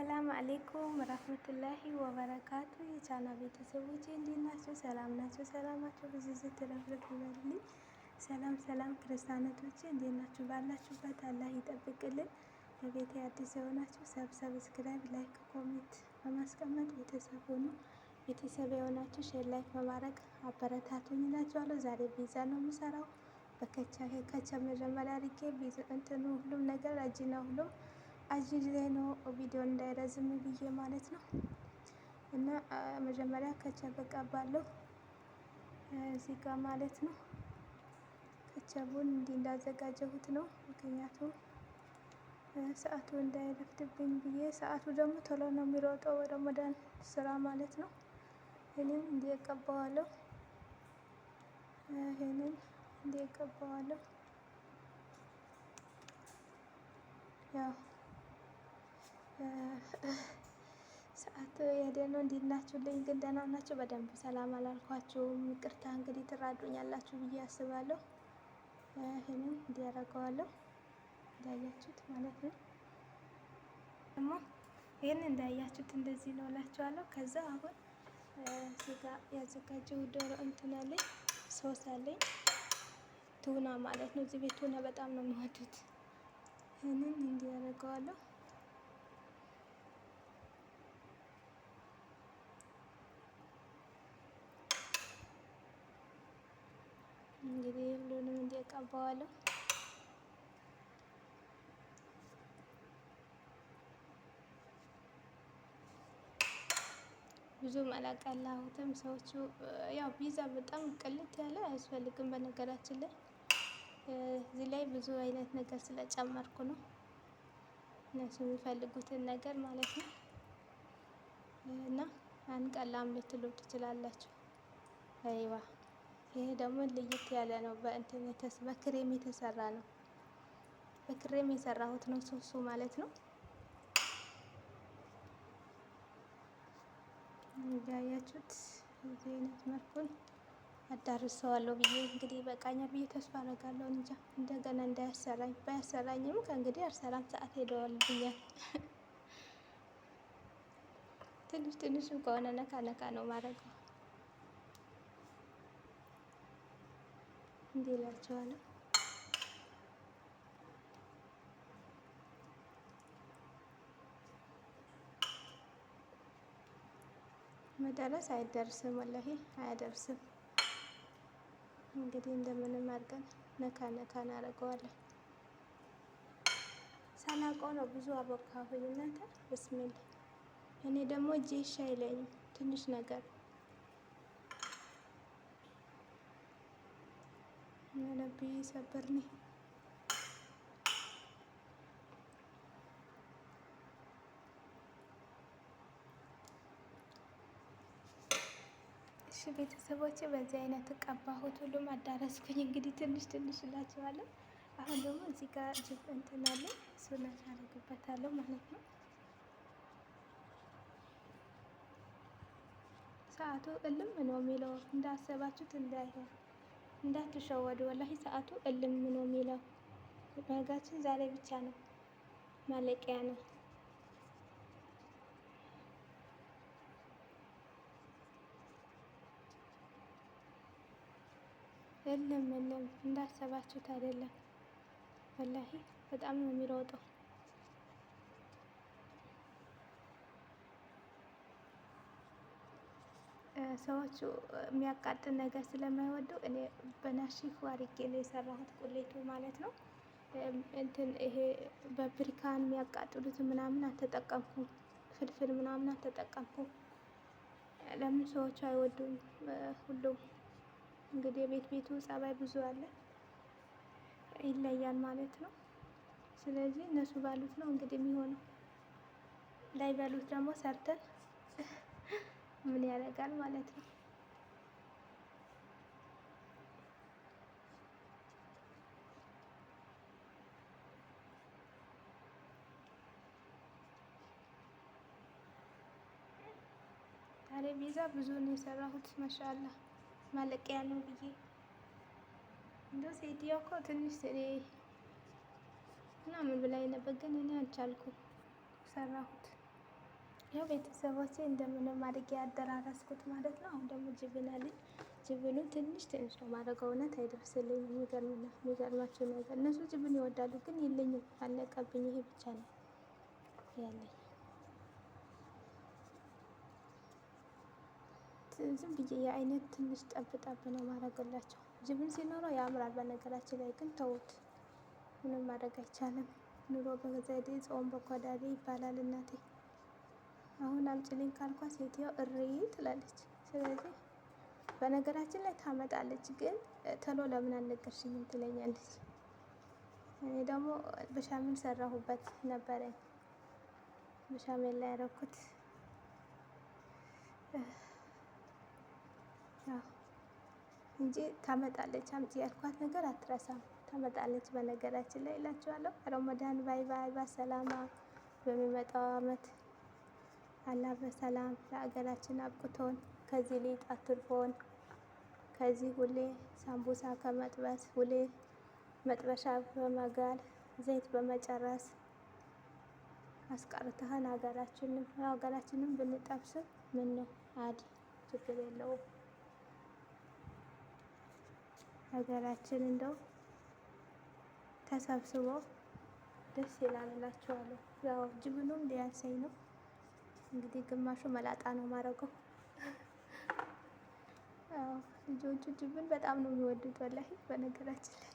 አሰላም አሌይኩም ራህመቱላሂ ወበረካቱ የቻና ቤተሰቦች እንዴት ናቸው? ሰላም ናቸው? ሰላማቸው ብዙ ተረፍረፍ ይበልልኝ። ሰላም ሰላም ክርስቲያኖቶች እንዴት ናችሁ? ባላችሁበት አላህ ይጠብቅልን። በቤት አዲስ የሆናችሁ ሰብ ሰብስክራይብ፣ ላይክ፣ ኮሜንት በማስቀመጥ ቤተሰብ ሆኑ። ቤተሰብ የሆናችሁ ሼር፣ ላይክ በማድረግ አበረታቱኝ እላችኋለሁ። ዛሬ ፒዛ ነው የምሰራው። በከቻ ከቻ መጀመሪያ አድርጌ እንትኑ ሁሉም ነገር አጂና ሁሉም አጂዜ ነው ቪዲዮ ረዝም ብዬ ማለት ነው። እና መጀመሪያ ከቸብ እቀባለሁ እዚህ ጋር ማለት ነው። ከቸቡን እንዲህ እንዳዘጋጀሁት ነው። ምክንያቱም ሰዓቱ እንዳይረፍድብኝ ብዬ ሰዓቱ ደግሞ ቶሎ ነው የሚሮጠው ወረመዳን ስራ ማለት ነው። ይህንን እንዲህ እቀባዋለሁ። ይህንን እንዲህ እቀባዋለሁ። ያው ሰዓት የሄደ ነው። እንዴት ናችሁልኝ? ግን ደህና ናችሁ? በደንብ ሰላም አላልኳችሁም። ይቅርታ እንግዲህ ትራዱኛላችሁ ብዬ አስባለሁ። ይህንን እንዲያረገዋለሁ እንዳያችሁት ማለት ነው። ደግሞ ይህን እንዳያችሁት እንደዚህ ነው እላችኋለሁ። ከዛ አሁን ስጋ ያዘጋጀው ዶሮ እንትን አለኝ፣ ሶስ አለኝ፣ ቱና ማለት ነው። እዚህ ቤት ቱና በጣም ነው የሚወዱት። ይህንን እንዲያረገዋለሁ ቀባዋለሁ። ብዙ አላቀላሁትም። ሰዎቹ ያው ቢዛ በጣም ቅልት ያለ አያስፈልግም። በነገራችን ላይ እዚህ ላይ ብዙ አይነት ነገር ስለጨመርኩ ነው እነሱ የሚፈልጉትን ነገር ማለት ነው። እና አንቀላም ልትሉ ትችላላችሁ። አይዋ ይህ ደግሞ ለየት ያለ ነው። በእንትን በክሬም የተሰራ ነው። በክሬም የሰራሁት ነው ሶሱ ማለት ነው። እንዳያችሁት እዚህ አይነት መልኩን አዳርሰዋለሁ ብዬ እንግዲህ ይበቃኛል ብዬ ተስፋ አደርጋለሁ። እንጃ እንደገና እንዳያሰራኝ ባያሰራኝም ከእንግዲህ አልሰራም፣ ሰዓት ሄደዋል ብያል። ትንሽ ትንሽም ከሆነ ነካ ነካ ነው ማድረገው። እንዲህ እላቸዋለሁ። መደረስ አይደርስም፣ ወላሂ አያደርስም። እንግዲህ እንደምንም አድርገን ነካ ነካ እናደርገዋለን። ሳላውቀው ነው ብዙ አቦካሁኝ። እናንተ ብስሚላ። እኔ ደግሞ እጄ ሻይ አይለኝም ትንሽ ነገር ለቢ ሰብርኒ እሺ ቤተሰቦች በዚህ አይነት ቀባሁት። ሁሉም አዳረስኩኝ። እንግዲህ ትንሽ ትንሽ እላችኋለሁ። አሁን ደግሞ እዚህ ጋር ጅብ እንትን አለ እሱን አደርግበታለሁ ማለት ነው። ሰዓቱ እልም ነው የሚለው እንዳሰባችሁት እንዳይሆን እንዳትሸወዱ። ወላሂ ሰዓቱ እልም ነው የሚለው መጋችን ዛሬ ብቻ ነው፣ ማለቂያ ነው። እልም እልም እንዳሰባችሁት አይደለም። ወላሂ በጣም ነው የሚሮጠው። ሰዎቹ የሚያቃጥል ነገር ስለማይወዱ እኔ በናሽፍ አድርጌ ነው የሰራሁት ቁሌቱ ማለት ነው። እንትን ይሄ በብሪካን የሚያቃጥሉት ምናምን አልተጠቀምኩም፣ ፍልፍል ምናምን አልተጠቀምኩም። ለምን ሰዎቹ አይወዱም። ሁሉም እንግዲህ የቤት ቤቱ ጸባይ ብዙ አለ ይለያል ማለት ነው። ስለዚህ እነሱ ባሉት ነው እንግዲህ የሚሆነው። ላይበሉት ደግሞ ሰርተን ምን ያደርጋል ማለት ነው። ጠረጴዛ ብዙ ነው የሰራሁት። ማሻላ ማለቂያ ነው ብዬ እንደው ሴትዮ እኮ ትንሽ ስሬ ምናምን ብላኝ ነበር፣ ግን እኔ አልቻልኩም ሰራሁት። ያው ቤተሰቦቼ እንደምንም አድርጌ ያደራረስኩት ማለት ነው። አሁን ደግሞ ጅብን አለኝ። ጅብኑ ትንሽ ትንሽ ነው ማድረገው። እውነት አይደርስልኝ። የሚገርማቸው ነገር እነሱ ጅብን ይወዳሉ፣ ግን የለኝም፣ አለቀብኝ። ይሄ ብቻ ነው ያለኝ። ዝም ብዬ የአይነት ትንሽ ጠብ ጠብ ነው ማድረግላቸው። ጅብን ሲኖረው ያምራል። በነገራችን ላይ ግን ተውት፣ ምንም ማድረግ አይቻልም። ኑሮ በገዛ ጾም በኮዳዴ ይባላል እናቴ አምጪልኝ ካልኳ ሴትዮ እሪ ትላለች። ስለዚህ በነገራችን ላይ ታመጣለች፣ ግን ተሎ ለምን አልነገርሽኝም ትለኛለች። እኔ ደግሞ ብሻምን ሰራሁበት ነበረኝ። በሻሜን ላይ ያረኩት እንጂ ታመጣለች አምጪ ያልኳት ነገር አትረሳም። ታመጣለች በነገራችን ላይ እላችኋለሁ። ረመዳን ባይ ባይ ባሰላማ በሚመጣው አመት አላህ በሰላም ለአገራችን አብቅቶን ከዚህ ሊጥ አትርፎን ከዚህ ሁሌ ሳምቡሳ ከመጥበስ ሁሌ መጥበሻ በመጋል ዘይት በመጨረስ አስቀርተህን ሀገራችንም ሀገራችንም ብንጠብስ ምን አድ ችግር የለውም። ሀገራችን እንደው ተሰብስቦ ደስ ይላል እላችኋለሁ። ያው ጅብሉም ሊያሰኝ ነው። እንግዲህ ግማሹ መላጣ ነው ማረገው። ልጆቹ ጅብን በጣም ነው የሚወዱት ወላሂ በነገራችን ላይ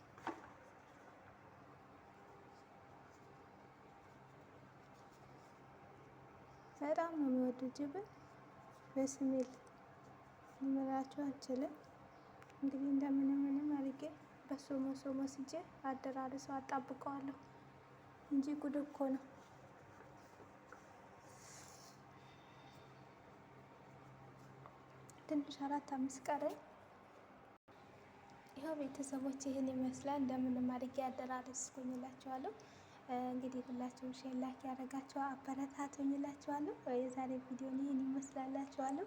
በጣም ነው የሚወዱት ጅብን በስሜል ልመራቸው አልችልም። እንግዲህ እንደምንም ምንም አድርጌ በሶሞ ሶሞ ስጄ አደራርሰው አጣብቀዋለሁ እንጂ ጉድ እኮ ነው። ትንሽ አራት አምስት ቀረኝ። ይኸው ቤተሰቦች ይህን ይመስላል። እንደምንም አድርጌ አደራረስኩኝ እላችኋለሁ። እንግዲህ ሁላችሁም ሼር ላይክ ያደረጋችሁ አበረታቱኝ እላችኋለሁ። የዛሬ ቪዲዮ ይህን ይመስላላችኋለሁ።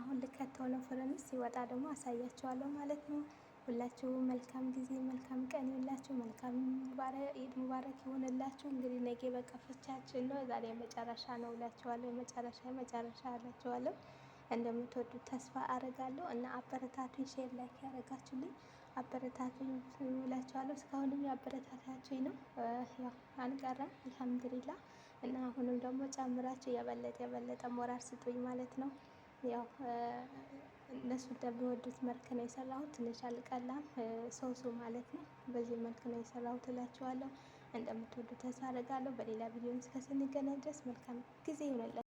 አሁን ልከተው ነው ፍርን ሲወጣ ደግሞ አሳያችኋለሁ ማለት ነው። ሁላችሁ መልካም ጊዜ መልካም ቀን ይሁንላችሁ። መልካም ኢድ ሙባረክ ይሁንላችሁ። እንግዲህ ነገ በቀፈቻችን ነው። ዛሬ መጨረሻ ነው እላችኋለሁ። የመጨረሻ የመጨረሻ እላችኋለሁ። እንደምትወዱት ተስፋ አረጋለሁ እና አበረታቱኝ። ሼር ላይክ ያደረጋችሁልኝ አበረታቱኝ እላችኋለሁ። እስካሁንም ያበረታታችሁኝ ነው ያው አልቀረም፣ አልሐምዱሊላ እና አሁንም ደግሞ ጨምራችሁ የበለጠ የበለጠ ሞራል ስጡኝ ማለት ነው። ያው እነሱ እንደሚወዱት መልክ ነው የሰራሁት። ትንሽ አልቀላም ሶሱ ማለት ነው። በዚህ መልክ ነው የሰራሁት እላችኋለሁ። እንደምትወዱ ተስፋ አደርጋለሁ። በሌላ ቪዲዮ እስከ ስንገናኝ ድረስ መልካም ጊዜ ይሆንላችሁ።